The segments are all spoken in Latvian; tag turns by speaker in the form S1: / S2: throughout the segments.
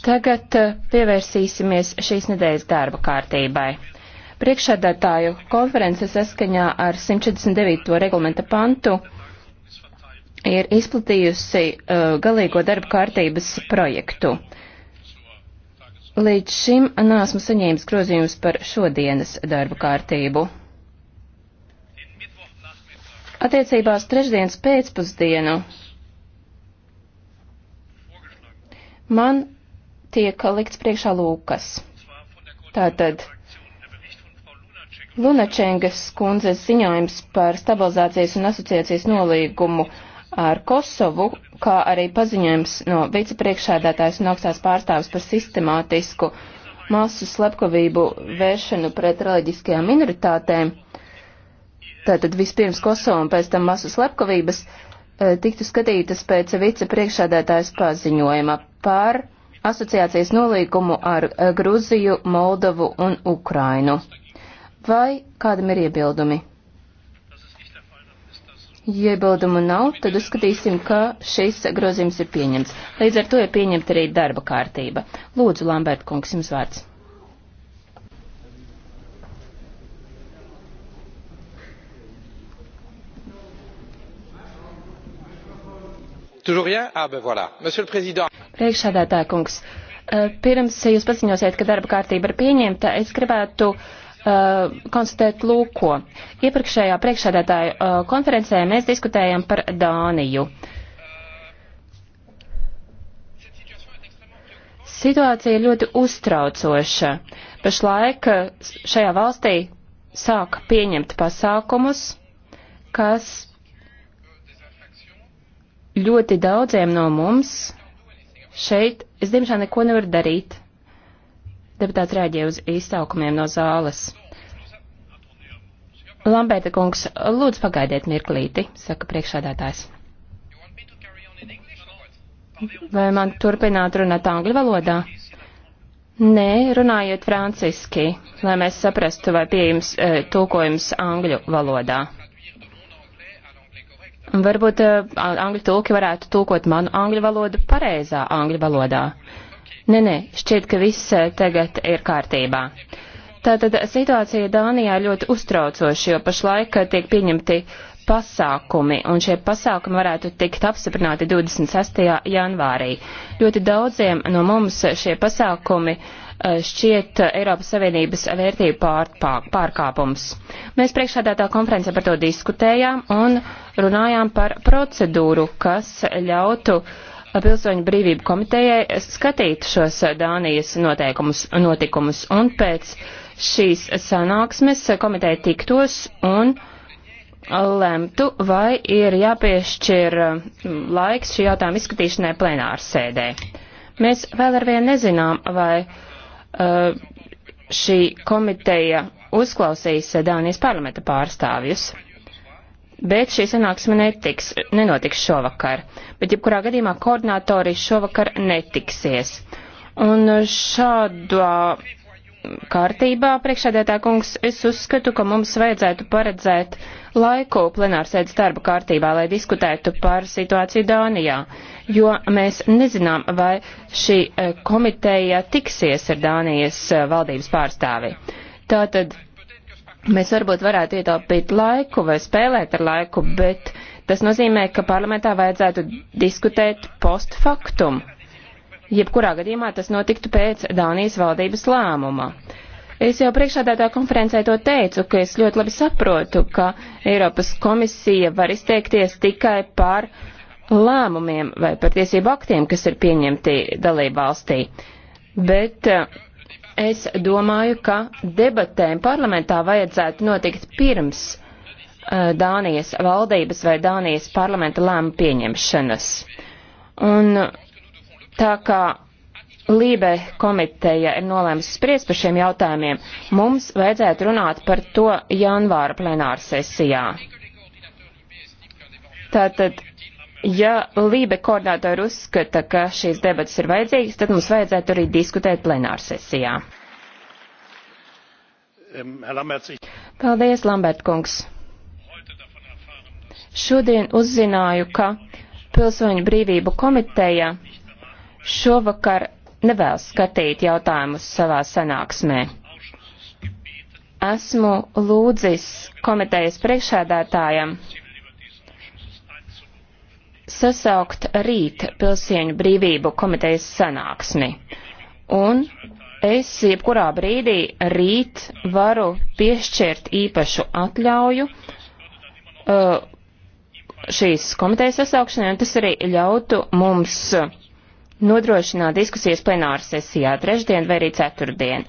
S1: Tagad eh, pievērsīsimies šīs nedēļas darba kārtībai. Priekšsēdētāju konference saskaņā ar 149. regulamenta pantu ir izplatījusi uh, galīgo darba kārtības projektu. Līdz šim nāsmu saņēmis grozījums par šodienas darba kārtību. Attiecībās trešdienas pēcpusdienu man tiek likts priekšā lūkas. Tātad Lunačengas kundzes ziņojums par stabilizācijas un asociācijas nolīgumu ar Kosovu, kā arī paziņojums no vicepriekšēdētājs un augstās pārstāvis par sistemātisku masu slepkavību vēršanu pret reliģiskajām minoritātēm, tātad vispirms Kosovu un pēc tam masu slepkavības, eh, tiktu skatītas pēc vicepriekšēdētājs paziņojuma par asociācijas nolīgumu ar eh, Gruziju, Moldavu un Ukrainu. Vai kādam ir iebildumi? Ja iebildumu nav, tad uzskatīsim, ka šis grozījums ir pieņemts. Līdz ar to ir pieņemta arī darba kārtība. Lūdzu, Lambert kungs, jums vārds. Toujours rien? Ah ben voilà. Monsieur le Président. Priekšsēdētāja kungs, eh, pirms jūs paziņosiet, ka darba kārtība ir pieņemta, es gribētu Uh, konstatēt lūko. Iepriekšējā priekšsēdētāja uh, konferencē mēs diskutējam par Dāniju. Situācija ir ļoti uztraucoša. Pašlaik šajā valstī sāk pieņemt pasākumus, kas ļoti daudziem no mums Šeit es diemžēl neko nevaru darīt. Deputāts rēģēja uz izsaukumiem no zāles. Lambēta kungs, lūdzu pagaidiet mirklīti, saka priekšādātājs. Vai man turpināt runāt angļu valodā? Nē, runājiet franciski, lai mēs saprastu, vai pieejams e, tulkojums angļu valodā. Varbūt uh, angļu tulki varētu tulkot manu angļu valodu pareizā angļu valodā. Nē, nē, šķiet, ka viss eh, tagad ir kārtībā. Tātad situācija Dānijā ļoti uztraucoša, jo pašlaik eh, tiek pieņemti uh, pasākumi, un šie pasākumi varētu tikt apstiprināti 26. janvārī. Ļoti daudziem no mums šie pasākumi eh, šķiet eh, Eiropas Savienības vērtību pār, pār, pārkāpums. Mēs priekšādātā konferencē par to diskutējām un runājām par procedūru, kas ļautu eh, pilsoņu brīvību komitejai skatīt šos Dānijas noteikumus, notikumus, un pēc šīs sanāksmes komiteja tiktos un uh, lemtu, vai ir jāpiešķir um, laiks šī jautājuma izskatīšanai plenāru sēdē. Mēs vēl ar vienu nezinām, vai uh, šī komiteja uzklausīs Dānijas parlamenta pārstāvjus. Bet šī sanāksme netiks, nenotiks šovakar. Bet jebkurā gadījumā koordinātori šovakar netiksies. Un šādā kārtībā, priekšādētā kungs, es uzskatu, ka mums vajadzētu paredzēt laiku plenārsēdes darba kārtībā, lai diskutētu par situāciju Dānijā, jo mēs nezinām, vai šī e, komiteja tiksies ar Dānijas e, valdības pārstāvi. Tātad mēs varbūt varētu ietaupīt laiku vai spēlēt ar laiku, bet tas nozīmē, ka parlamentā vajadzētu diskutēt post faktumu Jebkurā gadījumā tas notiktu pēc Dānijas valdības lēmuma. Es jau priekšādātā konferencē to teicu, ka es ļoti labi saprotu, ka Eiropas komisija var izteikties tikai par lēmumiem vai par tiesību aktiem, kas ir pieņemti dalību valstī. Bet eh, es domāju, ka debatēm parlamentā vajadzētu notikt pirms eh, Dānijas valdības vai Dānijas parlamenta lēmu pieņemšanas. Un Tā kā Lībe komiteja ir nolēmusi spriest par šiem jautājumiem, mums vajadzētu runāt par to janvāra plenāra sesijā. Tātad, ja Lībe koordinātori uzskata, ka šīs debatas ir vajadzīgas, tad mums vajadzētu arī diskutēt plenāra sesijā. Paldies, Lambert kungs. Šodien uzzināju, ka Pilsoņu brīvību komiteja šovakar nevēlas skatīt jautājumus savā sanāksmē. Esmu lūdzis komitejas priekšēdētājam sasaukt rīt pilsieņu brīvību komitejas sanāksmi. Un es jebkurā brīdī rīt varu piešķirt īpašu atļauju uh, šīs komitejas sasaukšanai, un tas arī ļautu mums uh, nodrošināt diskusijas plenāra sesijā trešdien vai arī ceturtdien.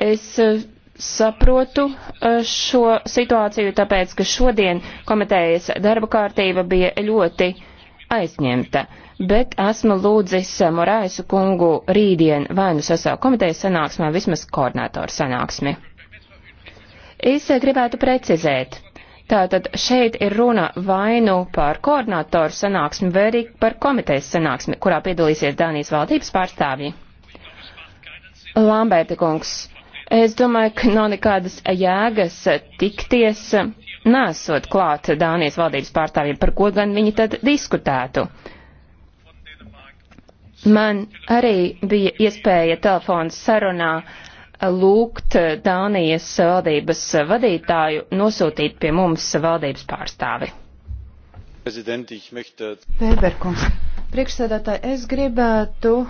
S1: Es eh, saprotu eh, šo situāciju, tāpēc, ka šodien komitejas darba kārtība bija ļoti aizņemta, bet esmu lūdzis eh, Moraisu kungu rītdien vai nu sasaukt komitejas sanāksmē, vismaz koordinātoru sanāksmi. Es gribētu precizēt. Tātad šeit ir runa vainu par koordinātoru sanāksmi vai arī par komitejas sanāksmi, kurā piedalīsies Dānijas valdības pārstāvji. Lambērta kungs, es domāju, ka nav nekādas jēgas tikties, nesot klāt Dānijas valdības pārstāvjiem, par ko gan viņi tad diskutētu. Man arī bija iespēja telefons sarunā uh, lūgt Dānijas valdības vadītāju nosūtīt pie mums valdības pārstāvi.
S2: Pēberkungs, priekšsēdētāji, es gribētu uh,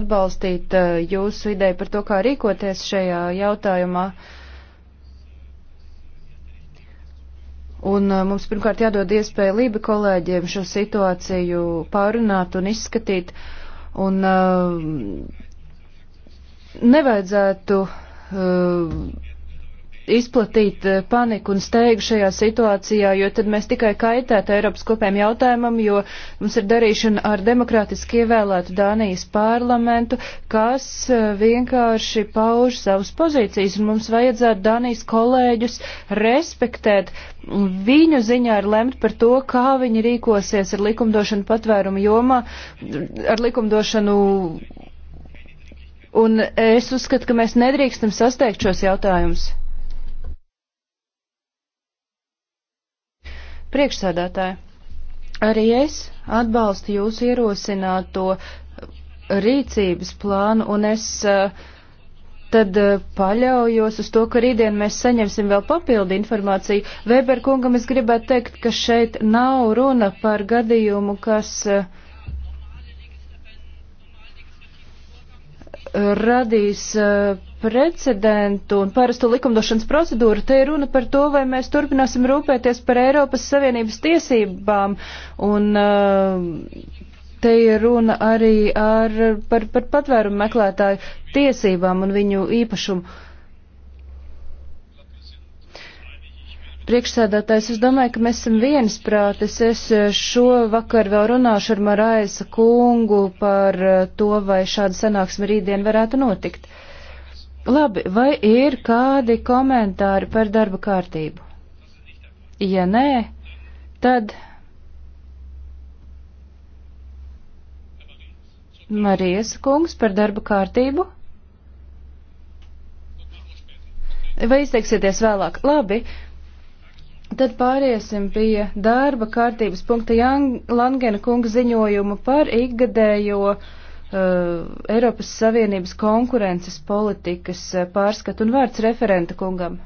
S2: atbalstīt uh, jūsu ideju par to, kā rīkoties šajā jautājumā. Un uh, mums pirmkārt jādod iespēja Lība kolēģiem šo situāciju pārunāt un izskatīt. Un, uh, nevajadzētu uh, izplatīt eh, paniku un steigu šajā situācijā, jo tad mēs tikai kaitētu Eiropas kopējiem jautājumam, jo mums ir darīšana ar demokrātiski ievēlētu Dānijas parlamentu, kas eh, vienkārši pauž savas pozīcijas, un mums vajadzētu Dānijas kolēģus respektēt. Viņu ziņā ir lemt par to, kā viņi rīkosies ar likumdošanu patvērumu jomā, ar likumdošanu Un es uzskatu, ka mēs nedrīkstam sasteigt šos jautājumus. Priekšsēdētāji, arī es atbalstu jūsu ierosināto rīcības plānu, un es uh, tad eh, paļaujos uz to, ka rītdien mēs saņemsim vēl papildu informāciju. Weber kungam es gribētu teikt, ka šeit nav runa par gadījumu, kas. Uh, radīs eh, precedentu un parastu likumdošanas procedūru, te ir runa par to, vai mēs turpināsim rūpēties par Eiropas Savienības tiesībām un eh, te ir runa arī ar, par, par patvērumu meklētāju tiesībām un viņu īpašumu. Priekšsēdētājs, es domāju, ka mēs esam viensprātis. Es eh, šo vakar vēl runāšu ar Maraisa kungu par eh, to, vai šāda sanāksme rītdien varētu notikt. Labi, vai ir kādi komentāri par darba kārtību? Ja nē, tad. Marijas kungs par darba kārtību. Vai izteiksieties vēlāk? Labi, Tad pāriesim pie darba kārtības punkta Langena kunga ziņojumu par ikgadējo uh, Eiropas Savienības konkurences politikas uh, pārskatu un vārds referenta kungam.